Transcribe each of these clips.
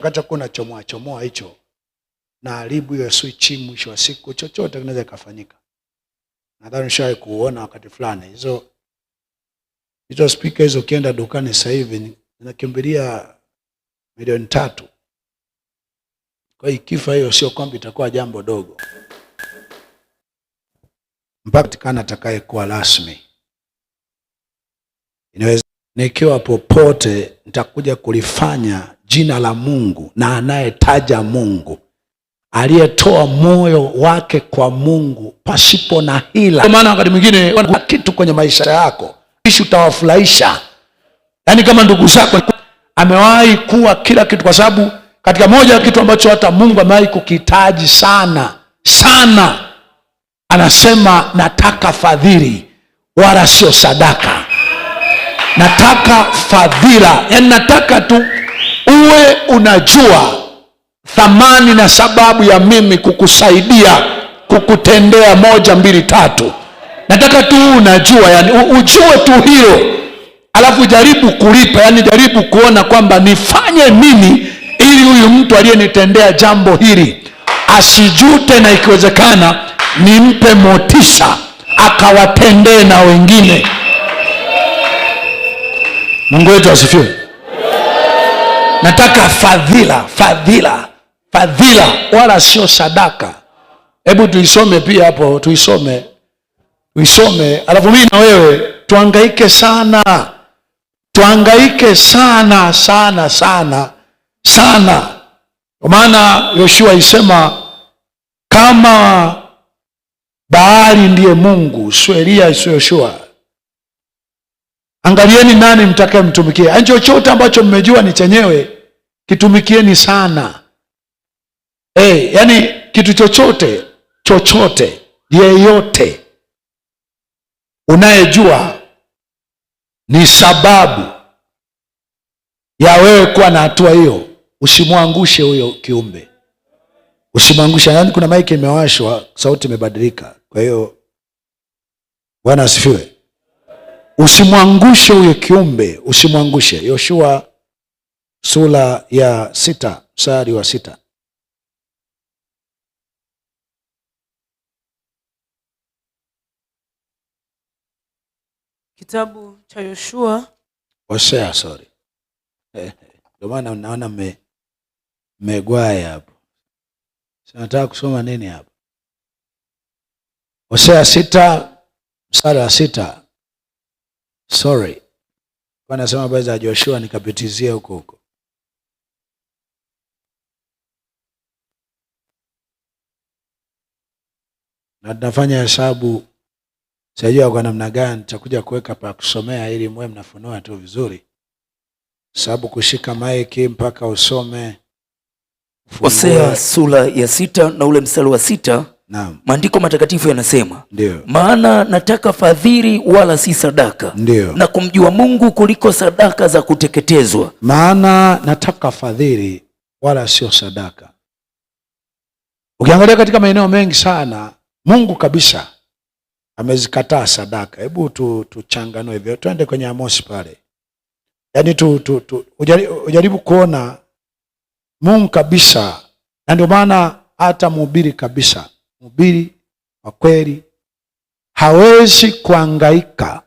Kacha kuna chomoa chomoa hicho na haribu hiyo switch, mwisho wa siku chochote kinaweza kufanyika. Nadhani shawai kuona wakati fulani hizo hizo speaker hizo, ukienda dukani sasa hivi zinakimbilia milioni tatu. Kwa hiyo ikifa hiyo, sio kwamba itakuwa jambo dogo, mpaka tikana atakayekuwa rasmi inaweza nikiwa popote nitakuja kulifanya jina la Mungu na anayetaja Mungu, aliyetoa moyo wake kwa Mungu pasipo na hila. Kwa maana wakati mwingine kitu kwenye maisha yako ishi utawafurahisha, yaani kama ndugu zako amewahi kuwa kila kitu, kwa sababu katika moja ya kitu ambacho hata Mungu amewahi kukihitaji sana sana, anasema nataka fadhili wala sio sadaka, nataka fadhila, yaani nataka tu uwe unajua thamani na sababu ya mimi kukusaidia kukutendea moja mbili tatu. Nataka tu unajua, yani ujue tu hilo, alafu jaribu kulipa, yani jaribu kuona kwamba nifanye nini ili huyu mtu aliyenitendea jambo hili asijute, na ikiwezekana nimpe motisha akawatendee na wengine. Mungu wetu asifiwe nataka fadhila fadhila fadhila wala sio sadaka hebu tuisome pia hapo tuisome tuisome alafu mii na wewe tuangaike sana tuangaike sana sana sana sana kwa maana yoshua isema kama bahari ndiye mungu sio elia sio yoshua Angalieni nani mtakaye mtumikia. Yaani chochote ambacho mmejua ni chenyewe kitumikieni sana. Hey, eh, yani kitu chochote chochote yeyote unayejua ni sababu ya wewe kuwa na hatua hiyo, usimwangushe huyo kiumbe, usimwangushe. Yani kuna maiki imewashwa, sauti imebadilika. Kwa hiyo Bwana asifiwe. Usimwangushe huyo kiumbe, usimwangushe. Yoshua sura ya sita mstari wa sita. Kitabu cha Yoshua, Hosea, sorry, eh, ndio maana naona mmegwaya hapo. sinataka kusoma nini hapo Hosea sita mstari wa sita sorry, nasema habari za Joshua nikapitizia huko huko. na tunafanya hesabu sijajua kwa namna gani nitakuja kuweka pa kusomea ili mwe mnafunua tu vizuri, sababu kushika maiki mpaka usome Hosea sura ya sita na ule mstari wa sita Maandiko matakatifu yanasema maana nataka fadhiri wala si sadaka na kumjua Mungu kuliko sadaka za kuteketezwa. Maana nataka fadhiri wala sio sadaka. Ukiangalia katika maeneo mengi sana Mungu kabisa amezikataa sadaka. Hebu tu tuchanganue hivyo, twende kwenye Amosi pale, yaani tu, tu, tu, ujaribu kuona Mungu kabisa, na ndio maana hata mhubiri kabisa mhubiri wa kweli hawezi kuangaika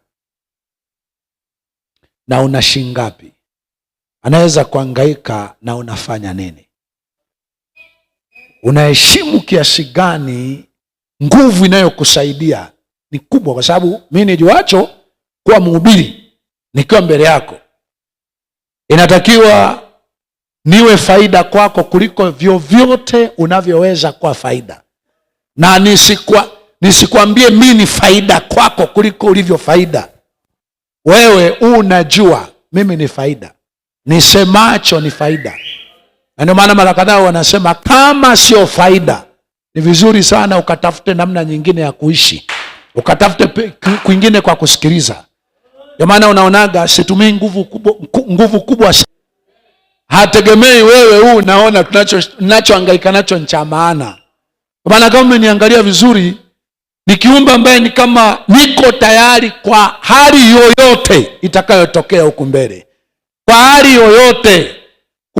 na una shingapi, anaweza kuangaika na unafanya nini, unaheshimu kiasi gani. Nguvu inayokusaidia ni kubwa, kwa sababu mi nijuacho kuwa mhubiri nikiwa mbele yako inatakiwa niwe faida kwako kuliko vyovyote unavyoweza kuwa faida na nisikwa, nisikwambie mi ni faida kwako kuliko ulivyo faida wewe. Unajua mimi ni faida, nisemacho ni faida, na ndio maana mara kadhaa wanasema kama sio faida, ni vizuri sana ukatafute namna nyingine ya kuishi, ukatafute kwingine kwa kusikiliza. Ndio maana unaonaga situmii nguvu kubwa, nguvu kubwa hategemei wewe. Huu unaona tunachohangaika nacho ni cha maana kwa maana kama umeniangalia vizuri, ni kiumbe ambaye ni kama niko tayari kwa hali yoyote itakayotokea huku mbele, kwa hali yoyote